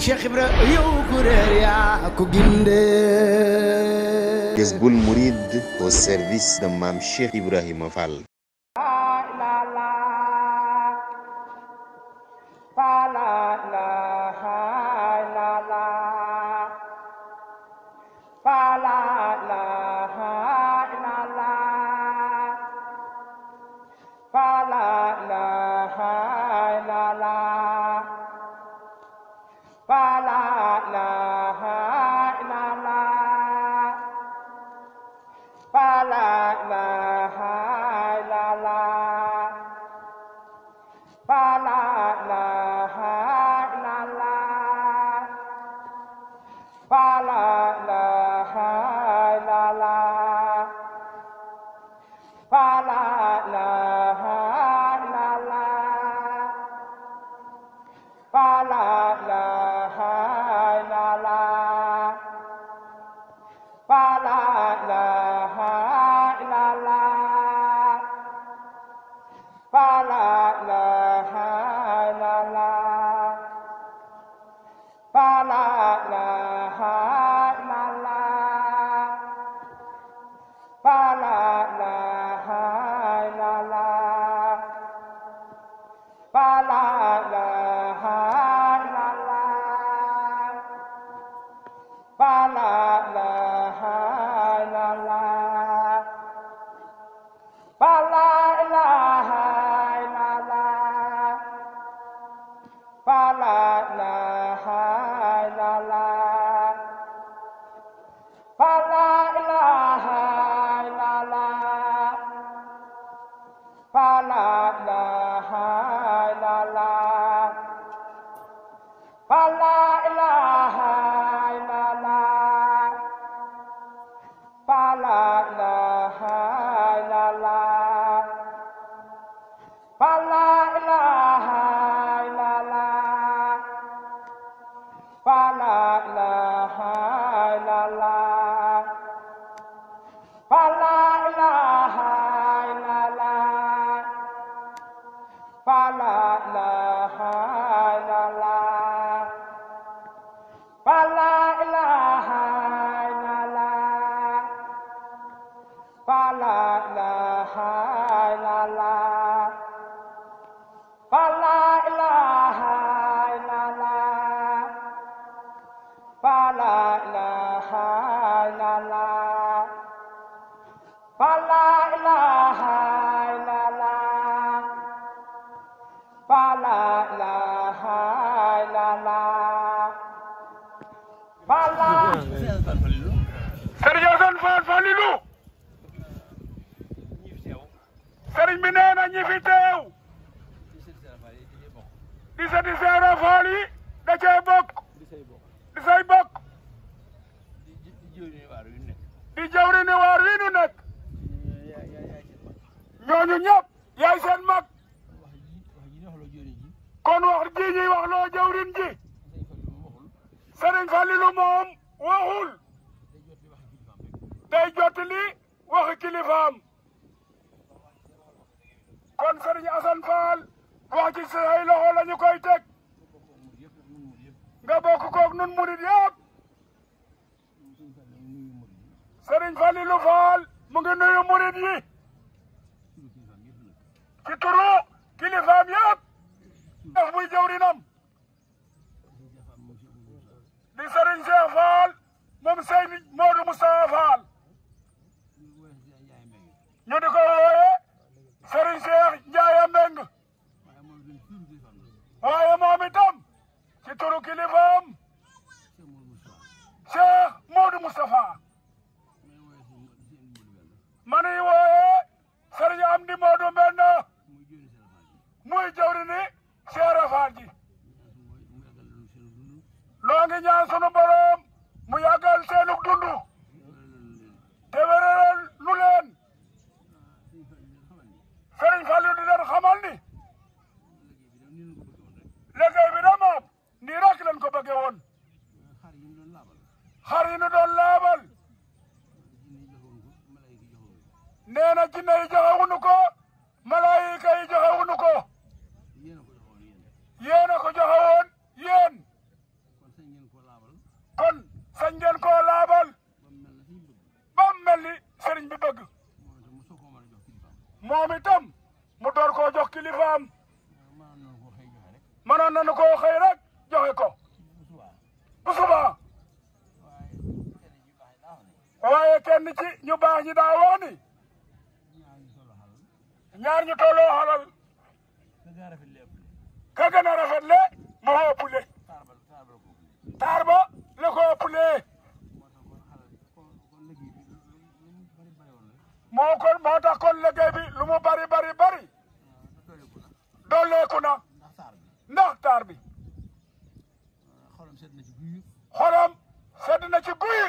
Cheikh Ibra yow ku réer yaa ko gindee Jazboul Mouride au service de Mame Cheikh Ibrahima Fall la la sa di seere faal yi da cay bokk di say bokk di jawri ni waar wi nu nekk ñooñu ñëpp yaay seen mag kon wax ji ñuy wax loo jawrin ji sëriñ Falilu moom waxul day jottali waxi kilifaam kon sëriñ Asan Faal wax ci say loxo la ñu koy teg nga bokk koog nun murit yëpp Serigne Fallilou Fall mu ngi nuyu murit yi ci turu kilifaam yëpp def muy jawrinam di Serigne Cheikh Fall moom Seydi Modou Moustapha Fall moom itam mu door koo jox kilifaam mënoon nañu koo xëy rek joxe ko bu subaa waaye kenn ci ñu baax ñi daa woo ñaar ñu tolloo xalal ka gën a rafet le mu ëpp le taar ba la ko ëpp moo ko moo tax kon liggéey bi lu mu bari bari bari dooleeku na ndax taar bi xolam sedd na ci guy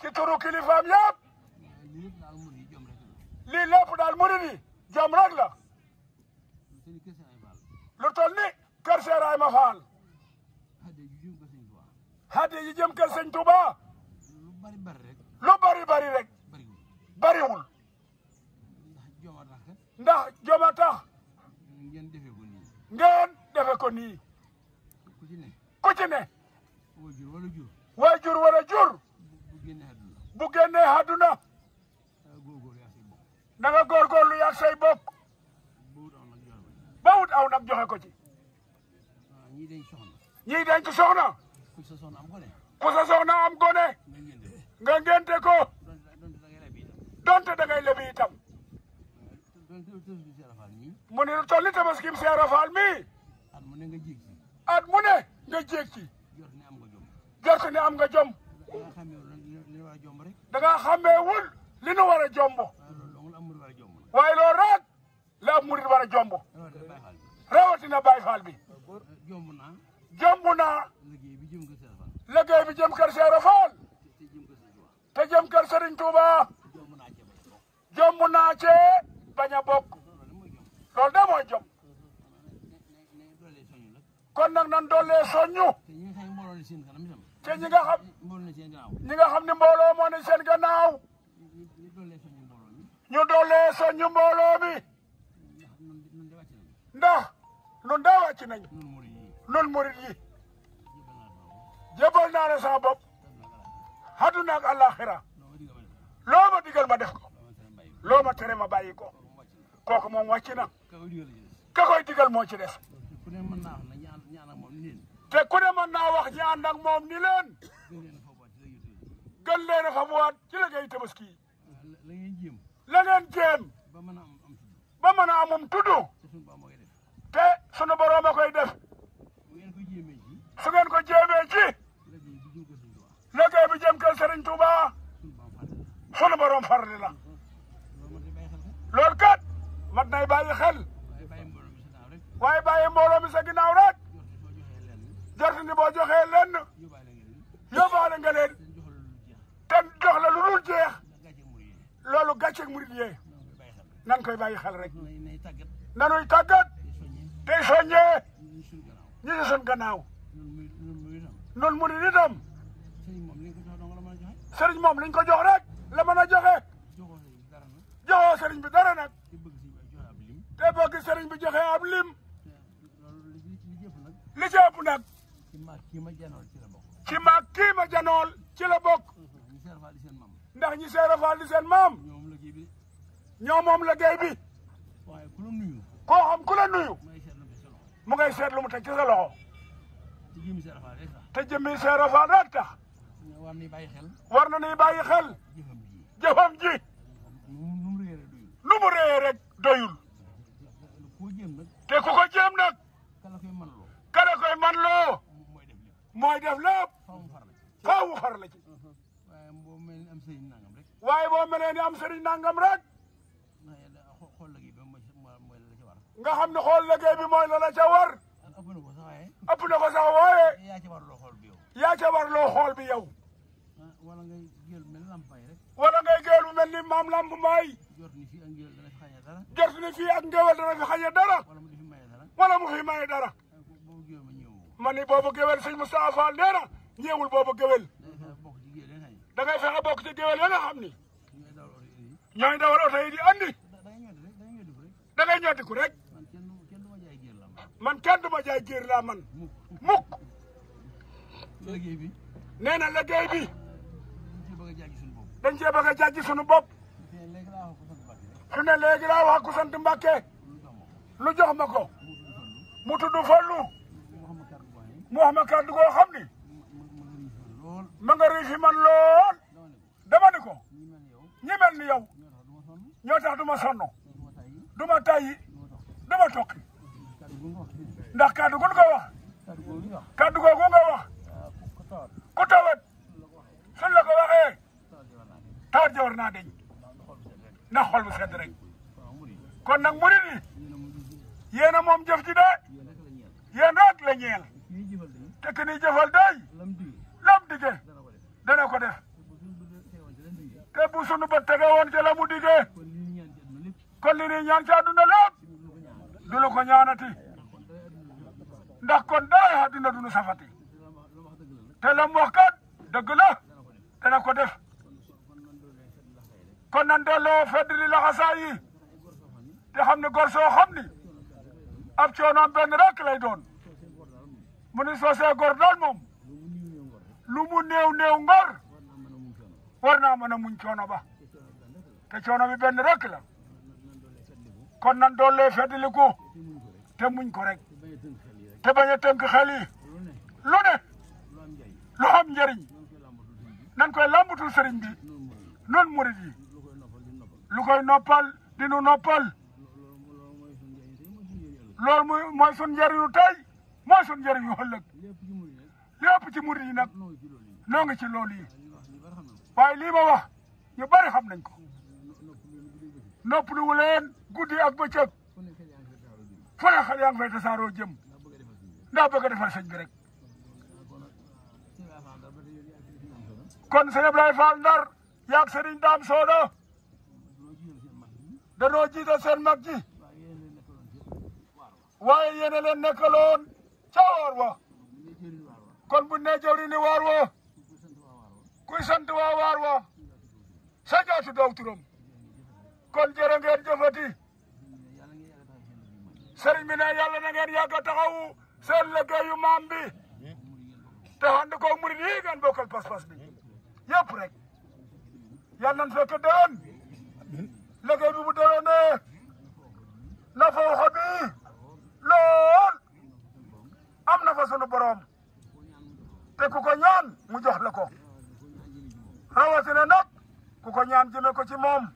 ci turu kilifaam yëpp lii lépp daal murid yi jom rek la lu tol ni kër Seeraay ma faal hadi yi jëm kër Sëñ lu bari bari rek bariwul ndax joma tax ngeen defe ko nii ngeen defe ko nii ku ci ne ku ci ne waajur wala jur waajur jur bu génnee àdduna na nga góorgóorlu yaa say bokk ba wut aw nag joxe ko ci ah, ñii denc soxna ñii denc soxna ku sa soxna am gone ku sa soxna am gone nga ngénte ko donte dangay lebi itam. mu ne lu toll ni tabaski bi Seera Faal mii. at mu nga jéeg ci. at mu nga jéeg ci. jort ne am nga jom. jort ne am nga jom. da xamee wul li nu war a jombo. waaye loolu rek la ab murit war a jombo. rawatina Baay Faal bi. jomb na jomb naa. liggéey bi jëm kër Seera Faal. te jëm kër Serigne Touba. jomb naa cee bañ a bokk loolu de mooy jom kon nag nan doolee soññu te ñi nga xam ñi nga xam ne mbooloo moo ne seen gannaaw ñu doolee soññu mbooloo mi ndax nun de wàcc nañ nun murit yi jébal naa la sama bopp àdduna ak àllaaxira digal ma def loo ma tere ma bàyyi ko kooku moom wàcc na ka koy digal moo ci des te ku ne mën naa wax ñi ànd ak moom ni leen gën leen a fa buwaat ci liggéey tabaski yi la ngeen jéem ba mën a amum tudd te sunu borom a koy def su ngeen ko jéemee ci liggéey bi jëm kër Serigne Touba sunu borom farli la lool kat mat nay bàyyi xel waaye bàyyi mbooloo mi sa ginnaaw rek jort ni boo joxee lenn yóbbaale nga leen te la lu dul jeex loolu gàcceeg murit yee koy bàyyi xel rek nanuy tàggat tey soññee ñi sun gannaaw nun murit itam sëriñ moom liñ ko jox rek la mën a joxe Sering bi dara nag te bëgg sëriñ bi joxe ab lim li ci ëpp nag ci maag kii ma janool ci ma janool ci la bokk ndax ñi seera di la bi koo xam ku la nuyu mu ngay seet lu mu teg ci sa loxo te jëmmi seera rek tax xel jëfam ji lu mu rëy rek doyul te ku ko jéem nag kala koy man loo mooy def lépp faaw mu far la ci waaye boo mel ni am sëriñ nangam rek waaye boo mel ni am sëriñ nangam rek nga xam ne xool liggéey bi mooy loola ca war ëpp na ko sax waaye yaa ca war loo xool bi yow wala ngay géel mel lampaay rek. wala ngay géel bu mel ni maam lamp mbaay. jot ni fii ak ngéwél dana fi xañe dara. jot ni fii ak dana fi xañe dara. wala mu di fi dara. wala mu fi maye dara. Eh, ma ni boobu da ngay fexe bokk ci géwél ya nga xam ni. ñooy dawal di andi. da ngay ñootiku rek. man kenn du ma jaay géer laa man mukk. nee dañ cee ba a jàjj sunu bopp su ne léegi ku sant Mbàkke lu jox ma ko mu tudd Fallu mu wax ma kàddu goo xam ni ma nga réussir man lool dama ni ko ñi mel ni yow ñoo tax du ma sonn du ma tokki ndax kàddu gun ko wax kàddu googu nga wax ku tawat taar ja naa deñ ndax xol bu sedd rek kon nag murid yi yéen a moom jëf ji de rek la ñeel te ki ni lam dige dana ko def te bu sunu ba tege woon ca la kon li ni ñaan ci àdduna lépp du lu ko ñaanati ndax kon dara àdduna du nu safati te lam wax kat dëgg la dana ko def kon nan delloo feddali laxasaa yi te xam ne gor soo xam ni ab coonoom benn rek lay doon mu ni soo see néew néew ngor war naa mën a muñ coono ba te coono bi benn rek la kon nan doolee feddaliku te muñ ko rek te bañ a tënk lu ne lu am njëriñ nan koy làmbatul sëriñ bi noonu murit yi lu koy noppal dinu noppal loolu mooy mooy sun njëriñu tey mooy sun njëriñu ëllëg lépp ci murid yi nag noo ngi ci loolu yi waaye lii ma wax ñu bari xam nañ ko noppaluwu leen guddi ak bëccëg fu ne xel yaa ngi fay tasaaroo jëm ndax a defar sëñ bi rek kon sëñ Ablaye Fall Ndar yaag sëriñ Daam Sooda danoo jiite seen mag ji waaye yéen a leen nekkaloon ca waar wa kon bu ne jawri waar wa kuy sant waa waar wa sa jaatu daw turam kon jërë ngeen jëfati sëriñ bi ne yàlla na ngeen yàgg a taxawu seen liggéeyu maam bi te ànd ko yi ngeen bokkal pas-pas bi yëpp rek yàlla nañ fekk déwén liggéey bi mu déwénee na fa waxo lool am na fa sunu boroom te ku ko ñaan mu jox ko rawatina na ku ko ñaan jëme ko ci moom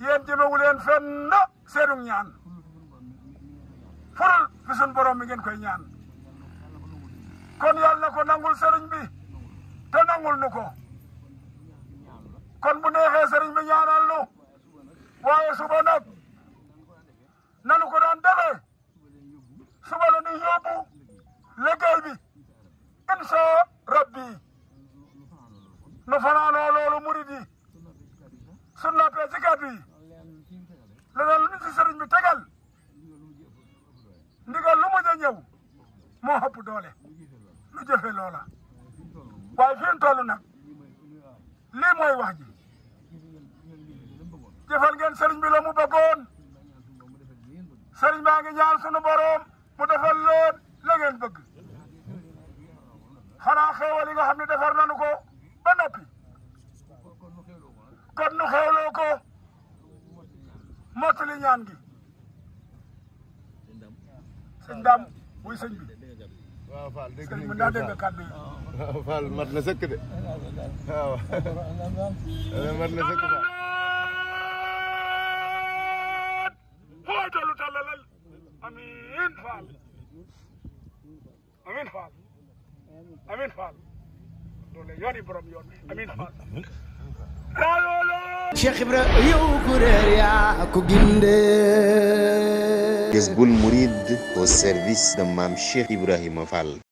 yéen jëmewu leen fenn seenu ñaan furul fi sunu boroom mi ngeen koy ñaan kon yàlla na ko nangul sëriñ bi te nangul nu ko kon bu neexee sëriñ bi ñaanal nu waaye suba nag nanu ko daan defee suba la ñuy yóbbu liggéey bi incha rabbi nu fanaanoo loolu murid yi su noppee ci kàddu lu ñu ci bi tegal ndigal lu mujj a ñëw moo ëpp doole lu jëfe loola waaye fi nag lii mooy wax jëfal ngeen sëriñ bi la mu bëggoon sëriñ baa ngi ñaan sunu boroom mu defal leen la ngeen bëgg xanaa xéewal yi nga xam ne defar nanu ko ba noppi kon nu xéewloo ko mottali ñaan gi sëñ daam muy sëñ bi waaw Fall dégg nañ ko Fall amiin Fall amiin Fall loolu yoon yi service de Mame Cheikh Ibrahima Fall